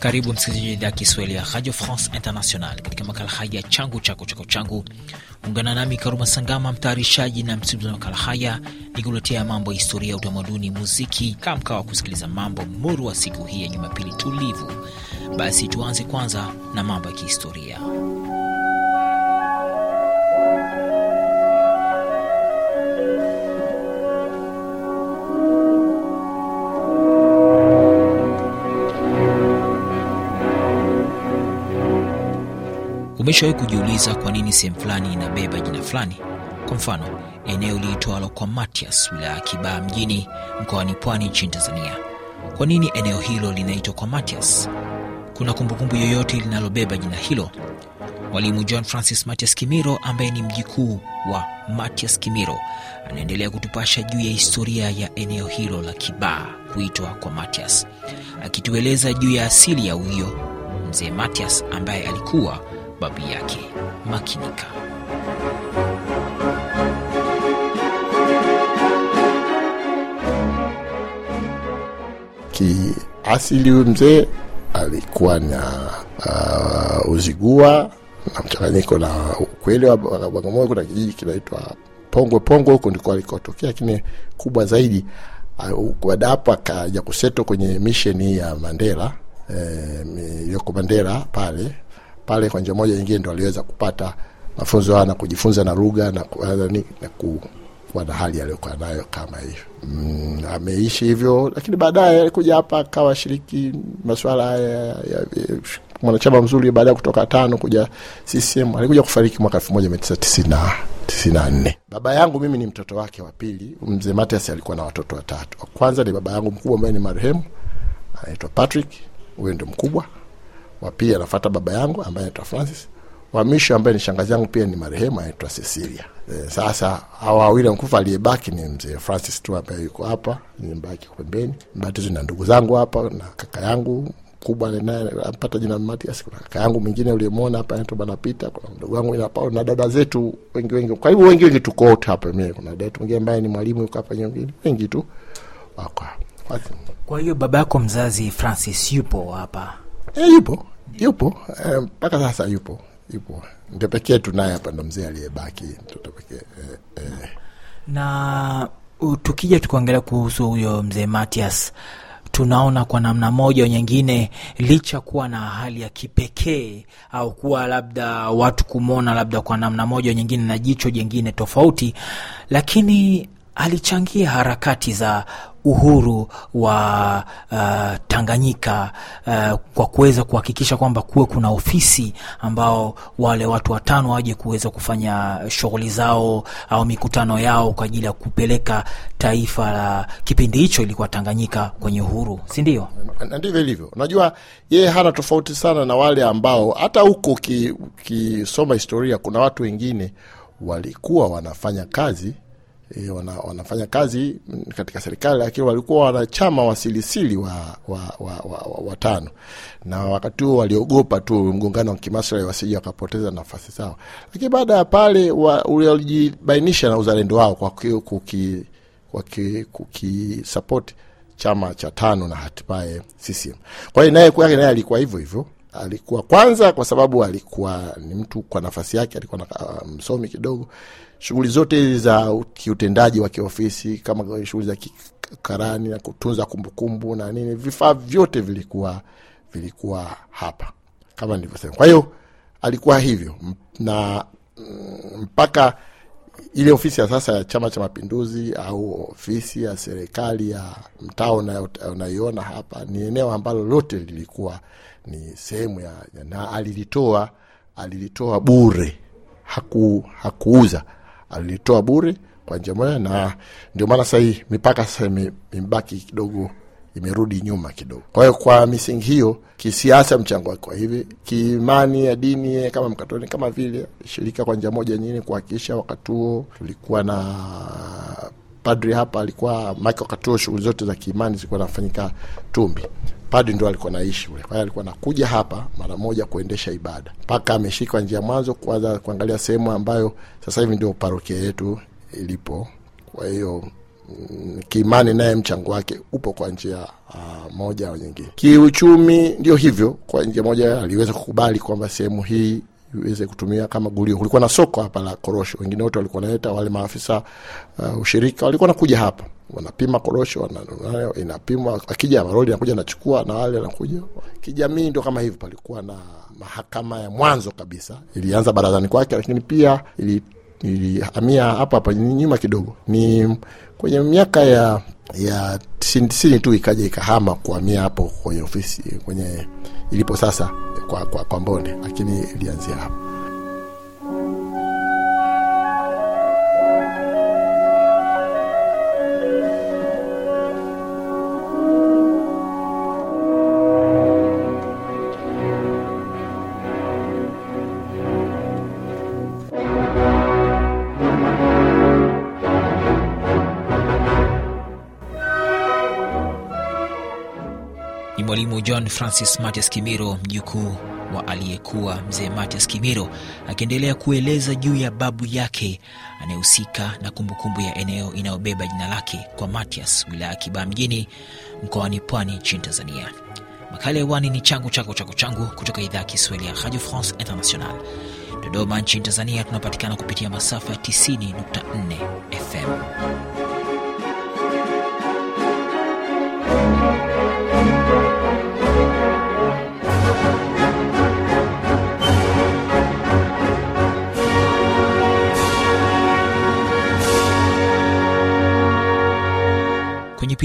Karibu msikilizaji wa idhaa ya Kiswahili ya Radio France International katika makala haya changu chako chako changu. Ungana nami Karuma Sangama, mtayarishaji na msimulizi wa makala haya, nikuletea mambo ya historia, utamaduni, muziki, kamkawa wa kusikiliza mambo muru wa siku hii ya Jumapili tulivu. Basi tuanze kwanza na mambo ya kihistoria. Umeshawahi kujiuliza kwa nini sehemu fulani inabeba jina fulani? Kwa mfano, eneo liitwalo kwa Matias, wilaya ya kibaa mjini mkoani Pwani nchini Tanzania. Kwa nini eneo hilo linaitwa kwa Matias? Kuna kumbukumbu yoyote linalobeba jina hilo? Mwalimu John Francis Matias Kimiro ambaye ni mjikuu wa Matias Kimiro anaendelea kutupasha juu ya historia ya eneo hilo la kibaa kuitwa kwa Matias, akitueleza juu ya asili ya huyo mzee Matias ambaye alikuwa babu yake makinika kiasili huyu mzee alikuwa na uh, uzigua na mchanganyiko na ukweli wa Bagamoyo. Kuna kijiji kinaitwa Pongwe Pongwe, huko ndiko alikotokea, lakini kubwa zaidi uh, Wadapo akaja kuseto kwenye misheni ya Mandela iliyoko eh, Mandela pale pale kwa njia moja nyingine ndo aliweza kupata mafunzo haya na kujifunza na lugha na, eh, na, na kuwa na hali aliyokuwa nayo kama hiyo. Mm, ameishi hivyo, lakini baadaye alikuja hapa akawa shiriki masuala ya, ya, ya, mwanachama mzuri baada ya kutoka tano kuja CCM. Alikuja kufariki mwaka 1994. Baba yangu mimi ni mtoto wake wa pili. Mzee Matias alikuwa na watoto watatu. Wa kwanza ni baba yangu mkubwa ambaye ni marehemu anaitwa Patrick, huyo ndio mkubwa wa pili baba yangu ambaye anaitwa Francis, wa mwisho ambaye ni shangazi yangu pia ni marehemu anaitwa Cecilia. E, sasa hawa wawili mkufa, aliyebaki ni mzee Francis tu ambaye yuko hapa, nimebaki pembeni. Mbatizo na ndugu zangu hapa na kaka yangu kubwa naye ampata jina Matias. Kuna kaka yangu mwingine uliyemwona hapa anaitwa kuna mdogo wangu na dada zetu wengi wengi, wengi wengi tuko wote hapa. kuna dada yetu mwingine ambaye ni mwalimu yuko hapa, nyingine wengi tu wako. Kwa hiyo baba yako mzazi Francis yupo hapa E, yupo yupo eh, mpaka e, sasa yupo yupo, ndio pekee tunaye hapa, ndo mzee aliyebaki mtoto pekee e, eh, Na tukija tukuangalia kuhusu huyo mzee Matias tunaona kwa namna moja au nyingine, licha kuwa na hali ya kipekee au kuwa labda watu kumwona labda kwa namna moja au nyingine na jicho jingine tofauti, lakini alichangia harakati za uhuru wa uh, Tanganyika uh, kwa kuweza kuhakikisha kwamba kuwe kuna ofisi ambao wale watu watano waje kuweza kufanya shughuli zao au mikutano yao kwa ajili ya kupeleka taifa la kipindi hicho ilikuwa Tanganyika kwenye uhuru, si ndio? Ndivyo ilivyo. Unajua, yeye hana tofauti sana na wale ambao hata huko ukisoma historia kuna watu wengine walikuwa wanafanya kazi e, wana, wanafanya kazi katika serikali, lakini walikuwa wanachama wasilisili wa, wa, wa, wa, wa, watano, na wakati huo waliogopa tu mgongano wa kimaslahi wasije wakapoteza nafasi zao, lakini baada ya pale walijibainisha na uzalendo wao kwa kuki, kukisapoti chama cha tano na hatimaye CCM. Kwa hiyo naye yake naye alikuwa hivyo hivyo alikuwa kwanza, kwa sababu alikuwa ni mtu kwa nafasi yake, alikuwa na, um, msomi kidogo shughuli zote za kiutendaji wa kiofisi kama shughuli za kikarani na kutunza kumbukumbu na nini, vifaa vyote vilikuwa vilikuwa hapa kama nilivyosema. Kwa hiyo alikuwa hivyo na mm, mpaka ile ofisi ya sasa ya Chama cha Mapinduzi au ofisi ya serikali ya mtaa unaiona hapa ni eneo ambalo lote lilikuwa ni sehemu ya, na alilitoa alilitoa bure haku, hakuuza alitoa bure kwa njia moja, na ndio maana sahii mipaka sasa imebaki kidogo imerudi nyuma kidogo. Kwa hiyo kwa misingi hiyo, kisiasa mchango wake kwa hivi, kiimani ya dini kama mkatoni kama vile shirika kwa njia moja nyingine kuhakikisha. Wakati huo tulikuwa na padri hapa alikuwa Michael Katuo, shughuli zote za kiimani zilikuwa nafanyika Tumbi. Padi ndo alikuwa naishi ule. Kwa hiyo alikuwa nakuja hapa mara moja kuendesha ibada mpaka ameshika njia mwanzo kwanza kuangalia sehemu ambayo sasa hivi ndio parokia yetu ilipo. Kwa hiyo mm, kiimani naye mchango wake upo kwa njia uh, moja au nyingine. Kiuchumi ndio hivyo, kwa njia moja aliweza kukubali kwamba sehemu hii iweze kutumia kama gulio. Kulikuwa na soko hapa la korosho, wengine wote walikuwa naleta wale maafisa uh, ushirika walikuwa nakuja hapa wanapima korosho inapimwa, akija maroli anakuja nachukua na wale anakuja. Kijamii ndo kama hivyo. Palikuwa na mahakama ya mwanzo kabisa, ilianza barazani kwake, lakini pia ili ilihamia hapa hapa nyuma kidogo, ni kwenye miaka ya ya tisini tisini tu, ikaja ikahama kuhamia hapo kwenye ofisi kwenye ilipo sasa kwa, kwa, kwa Mbonde, lakini ilianzia hapo. John Francis Matias Kimiro, mjukuu wa aliyekuwa mzee Matias Kimiro, akiendelea kueleza juu ya babu yake anayehusika na kumbukumbu ya eneo inayobeba jina lake kwa Matias, wilaya ya kibaa mjini mkoani Pwani nchini Tanzania. Makala yawani ni changu chako chako changu kutoka idhaa ya Kiswahili ya Radio France International. Dodoma nchini Tanzania tunapatikana kupitia masafa ya 94 FM.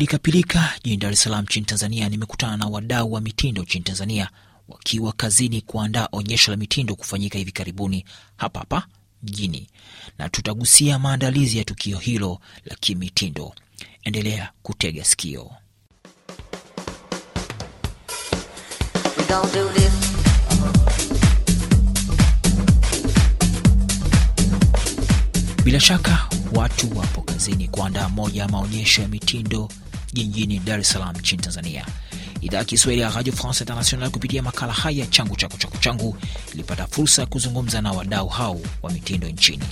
Pilikapilika jijini Dar es Salaam nchini Tanzania, nimekutana na wadau wa mitindo nchini Tanzania wakiwa kazini kuandaa onyesho la mitindo kufanyika hivi karibuni hapa hapa mjini, na tutagusia maandalizi ya tukio hilo la kimitindo. Endelea kutega sikio. Bila shaka watu wapo kazini kuandaa moja ya maonyesho ya mitindo jijini Dar es Salaam nchini Tanzania. Idhaa ya Kiswahili ya Radio France International kupitia makala haya changu chako chako changu ilipata fursa ya kuzungumza na wadau hao wa mitindo nchini.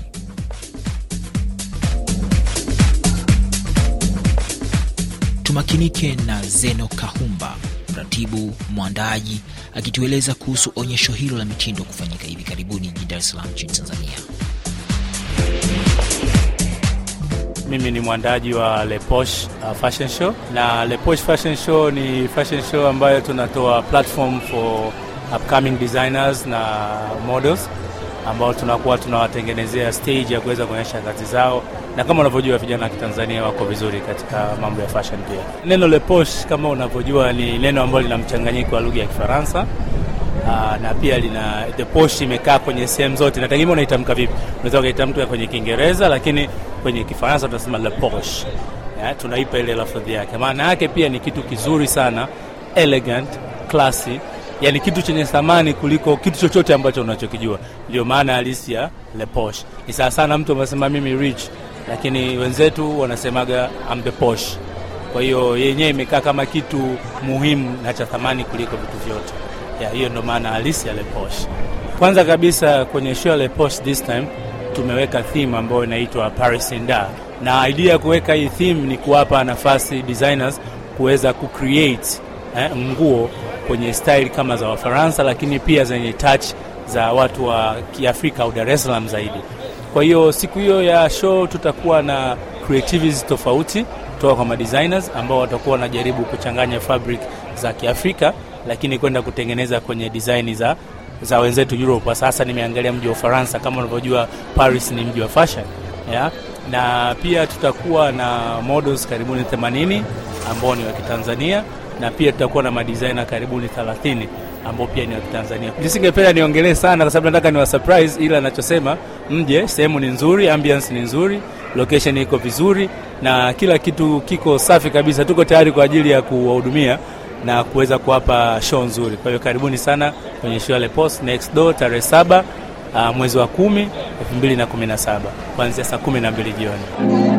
Tumakinike na Zeno Kahumba, mratibu mwandaaji, akitueleza kuhusu onyesho hilo la mitindo kufanyika hivi karibuni jijini Dar es Salaam nchini Tanzania. Mimi ni mwandaji wa Le Posh uh, Fashion Show, na Le Fashion Show ni fashion show ambayo tunatoa platform for upcoming designers na models ambao tunakuwa tunawatengenezea stage ya kuweza kuonyesha kazi zao, na kama unavyojua vijana wa Kitanzania wako vizuri katika mambo ya fashion pia. Neno Le kama unavyojua ni neno ambalo lina mchanganyiko wa lugha ya Kifaransa uh, na pia lina the posh imekaa kwenye sehemu zote, nategemea unaitamka vipi. Unaweza ukaitamka kwenye Kiingereza, lakini kwenye Kifaransa tunasema le posh yeah, tunaipa ile lafadhi yake. Maana yake pia ni kitu kizuri sana, elegant, classy yani kitu chenye thamani kuliko kitu chochote ambacho unachokijua. Ndio maana halisi ya le posh. Ni sawa sana mtu anasema mimi rich, lakini wenzetu wanasemaga I'm the posh. Kwa hiyo yenyewe imekaa kama kitu muhimu na cha thamani kuliko vitu vyote ya hiyo, ndo maana halisi ya leposh Kwanza kabisa kwenye show ya Le this time tumeweka theme ambayo inaitwa Paris na idea ya kuweka hii theme ni kuwapa nafasi designers kuweza kucreate eh, nguo kwenye style kama za Wafaransa, lakini pia zenye touch za watu wa Kiafrika au dares salam zaidi. Kwa hiyo siku hiyo ya show tutakuwa na creativities tofauti kutoka kwa madesigners ambao watakuwa wanajaribu kuchanganya fabric za Kiafrika, lakini kwenda kutengeneza kwenye design za za wenzetu Europe. Kwa sasa nimeangalia mji wa Ufaransa, kama unavyojua Paris ni mji wa fashion ya? Na pia tutakuwa na models karibuni 80 ambao ni wa Kitanzania na pia tutakuwa na madizaina karibuni 30 ambao pia ni wa Kitanzania. Nisingependa niongelee sana kwa sababu nataka niwa surprise, ila anachosema mje, sehemu ni nzuri, ambiance ni nzuri, location iko vizuri na kila kitu kiko safi kabisa. Tuko tayari kwa ajili ya kuwahudumia na kuweza kuwapa show nzuri. Kwa hiyo karibuni sana kwenye show ya Le Next Door tarehe saba ah, mwezi wa kumi elfu mbili na kumi na saba kuanzia saa kumi na mbili jioni.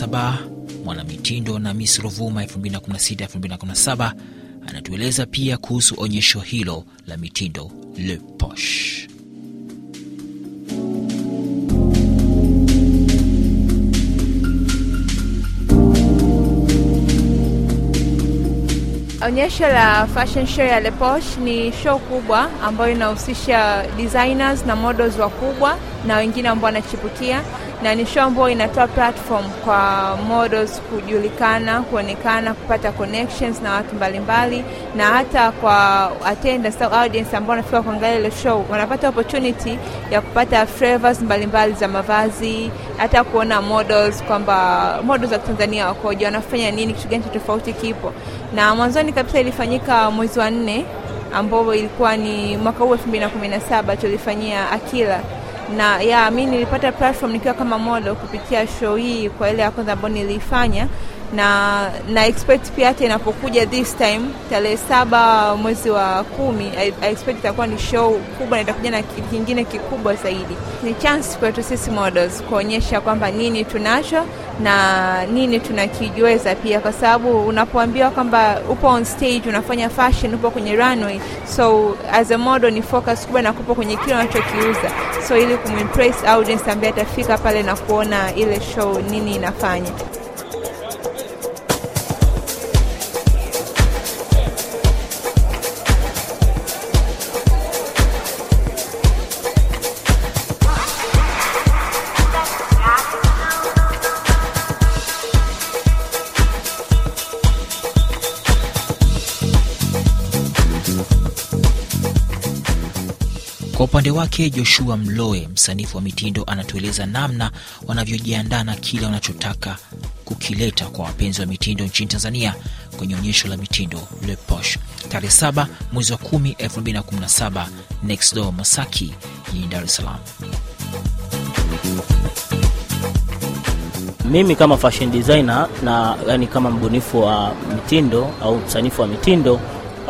2017, mwanamitindo Namisi Rovuma 2016 2017 anatueleza pia kuhusu onyesho hilo la mitindo Le Poche. Onyesho la fashion show ya Le Poche ni show kubwa ambayo inahusisha designers na models wakubwa na wengine ambao wanachipukia na ni show ambayo inatoa platform kwa models kujulikana, kuonekana, kupata connections na watu mbalimbali mbali, na hata kwa attendance au audience ambao wanafika kuangalia ile show wanapata opportunity ya kupata flavors mbalimbali za mavazi, hata kuona models kwamba models wa Tanzania wakoje, wanafanya nini, kitu gani tofauti kipo. Na mwanzoni kabisa ilifanyika mwezi wa nne ambao ilikuwa ni mwaka huu 2017 tulifanyia Akila na ya mi nilipata platform nikiwa kama model kupitia show hii kwa ile ya kwanza ambayo niliifanya na na expect pia hata inapokuja this time tarehe saba mwezi wa kumi I, I expect itakuwa ni show kubwa na itakuja na kingine kikubwa zaidi. Ni chance kwetu sisi models kuonyesha kwamba nini tunacho na nini tunakijiweza pia, kwa sababu unapoambiwa kwamba upo on stage unafanya fashion, upo kwenye runway, so as a model ni focus kubwa na kupo kwenye kile unachokiuza, so ili kumimpress audience ambaye atafika pale na kuona ile show nini inafanya. upande wake Joshua Mloe, msanifu wa mitindo, anatueleza namna wanavyojiandaa na kile wanachotaka kukileta kwa wapenzi wa mitindo nchini Tanzania kwenye onyesho la mitindo Le Posh tarehe 7 mwezi wa 10 2017, Next Door Masaki, jijini Dar es Salaam. Mimi kama fashion designer na yani kama mbunifu wa mitindo au msanifu wa mitindo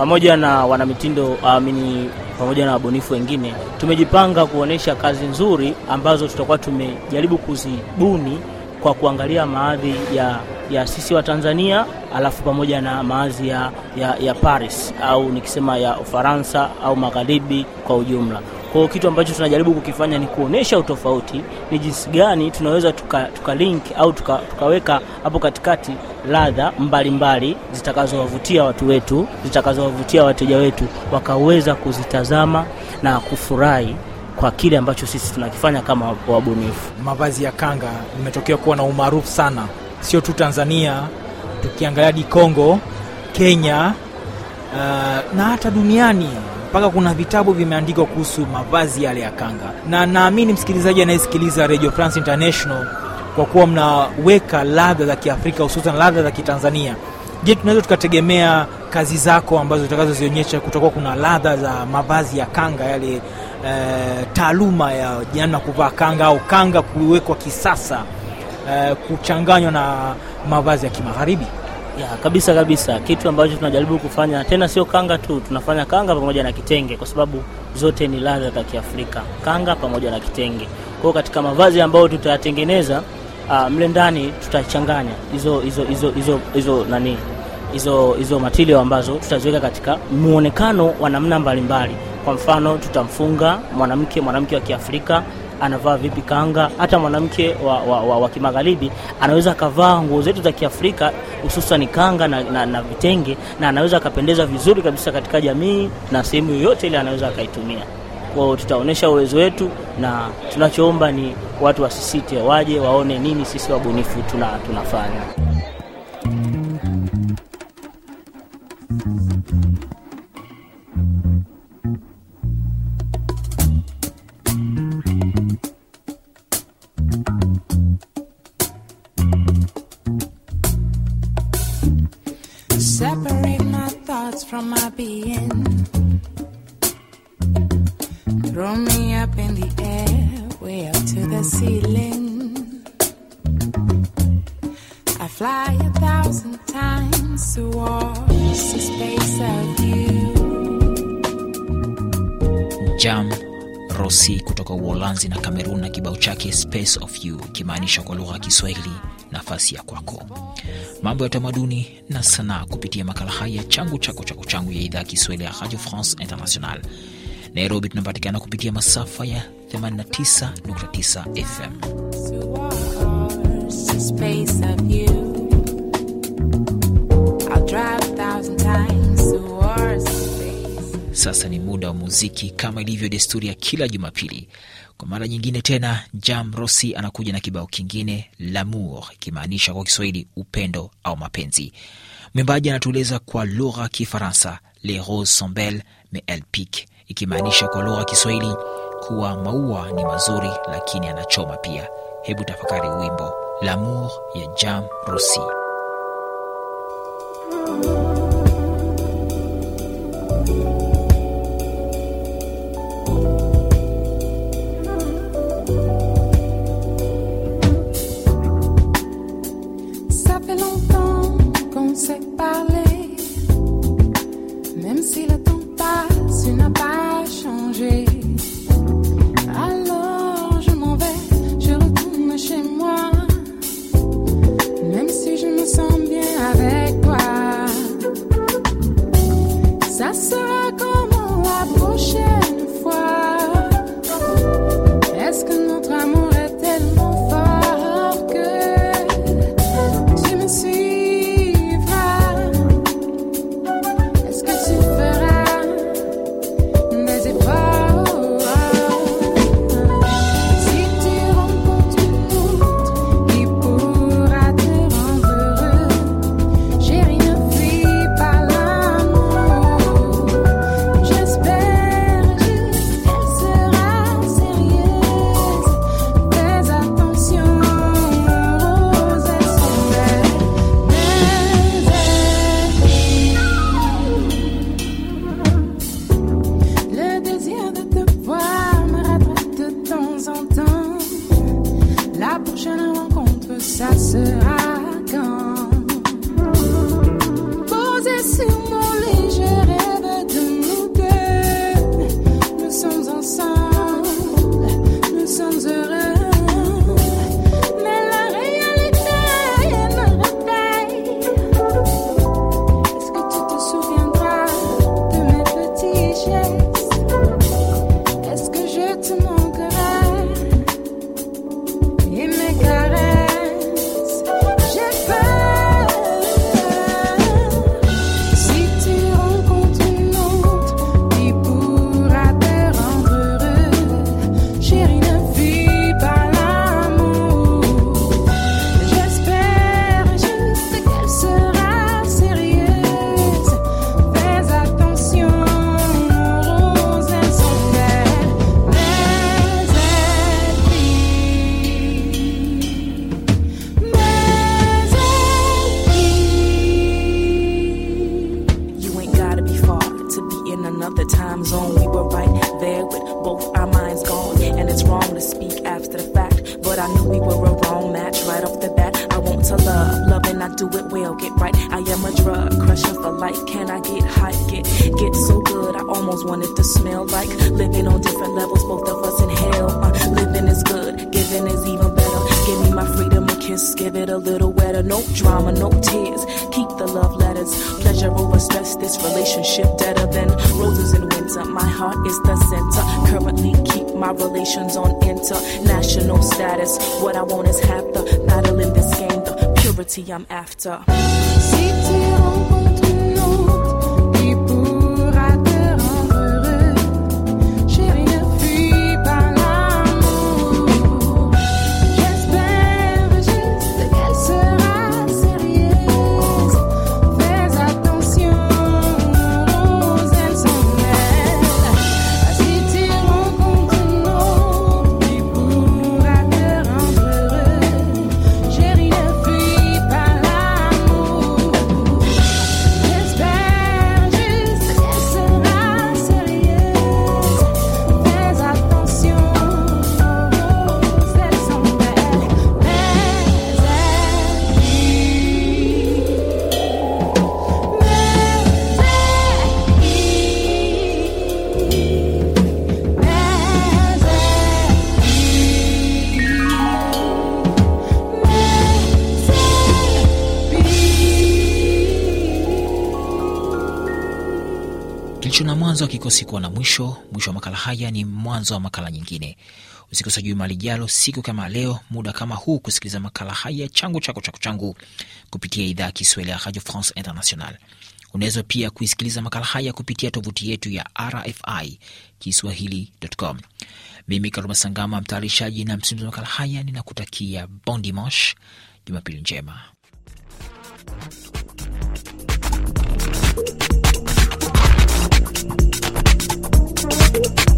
pamoja na wanamitindo amini, ah, pamoja na wabunifu wengine tumejipanga kuonesha kazi nzuri ambazo tutakuwa tumejaribu kuzibuni kwa kuangalia maadhi ya, ya sisi wa Tanzania alafu pamoja na maadhi ya, ya, ya Paris au nikisema ya Ufaransa au magharibi kwa ujumla kwao kitu ambacho tunajaribu kukifanya ni kuonesha utofauti, ni jinsi gani tunaweza tukalink tuka au tuka, tukaweka hapo katikati ladha mbalimbali zitakazowavutia watu wetu, zitakazowavutia wateja wetu, wakaweza kuzitazama na kufurahi kwa kile ambacho sisi tunakifanya kama wabunifu. Mavazi ya kanga imetokea kuwa na umaarufu sana, sio tu Tanzania, tukiangalia hadi Kongo, Kenya uh, na hata duniani mpaka kuna vitabu vimeandikwa kuhusu mavazi yale ya kanga, na naamini msikilizaji anayesikiliza Radio France International, kwa kuwa mnaweka ladha za Kiafrika hususan ladha za Kitanzania, je, tunaweza tukategemea kazi zako ambazo zitakazozionyesha kutakuwa kuna ladha za mavazi ya kanga yale, e, taaluma ya jana kuvaa kanga au kanga kuwekwa kisasa, e, kuchanganywa na mavazi ya kimagharibi? Ya, kabisa kabisa, kitu ambacho tunajaribu kufanya tena sio kanga tu, tunafanya kanga pamoja na kitenge, kwa sababu zote ni ladha za Kiafrika, kanga pamoja na kitenge. Kwa hiyo katika mavazi ambayo tutayatengeneza ah, mle ndani tutachanganya hizo hizo hizo hizo hizo nani hizo hizo matilio ambazo tutaziweka katika muonekano wa namna mbalimbali. Kwa mfano tutamfunga mwanamke mwanamke wa Kiafrika anavaa vipi kanga. Hata mwanamke wa, wa, wa, wa kimagharibi anaweza akavaa nguo zetu za Kiafrika hususan kanga na, na, na vitenge na anaweza akapendeza vizuri kabisa katika jamii na sehemu yoyote ile anaweza akaitumia. Kwao tutaonyesha uwezo wetu, na tunachoomba ni watu wasisite, waje waone nini sisi wabunifu tuna, tunafanya. Jam Rossi kutoka Uholanzi na Kamerun na kibao chake Space of You, ikimaanisha kwa lugha ya Kiswahili nafasi ya kwako. Mambo ya utamaduni na sanaa kupitia makala haya changu chako chako changu ya idhaa ya Kiswahili ya Radio France International. Nairobi tunapatikana kupitia masafa ya 89.9 FM. Space of you. I'll drive a thousand times. Sasa ni muda wa muziki kama ilivyo desturi ya kila Jumapili. Kwa mara nyingine tena, Jam Rosi anakuja na kibao kingine Lamour, ikimaanisha kwa Kiswahili upendo au mapenzi. Mwimbaji anatueleza kwa lugha ya Kifaransa les rose sont belles ikimaanisha kwa lugha ya Kiswahili kuwa maua ni mazuri lakini anachoma pia. Hebu tafakari wimbo Lamour ya Jam rossi it a little wetter. No drama, no tears. Keep the love letters. Pleasure over stress. This relationship better than roses in winter. My heart is the center. Currently keep my relations on international status. What I want is half the battle in this game. The purity I'm after. Kilicho na mwanzo kikosi kuwa na mwisho. Mwisho wa makala haya ni mwanzo wa makala nyingine. Usikose juma lijalo, siku kama leo, muda kama huu, kusikiliza makala haya changu chako chako changu kupitia idhaa ya Kiswahili ya Radio France International. Unaweza pia kuisikiliza makala haya kupitia tovuti yetu ya RFI Kiswahili.com. Mimi Karuma Sangama, mtayarishaji na msimuzi wa makala haya, ninakutakia bon dimanche, Jumapili njema. Thank you.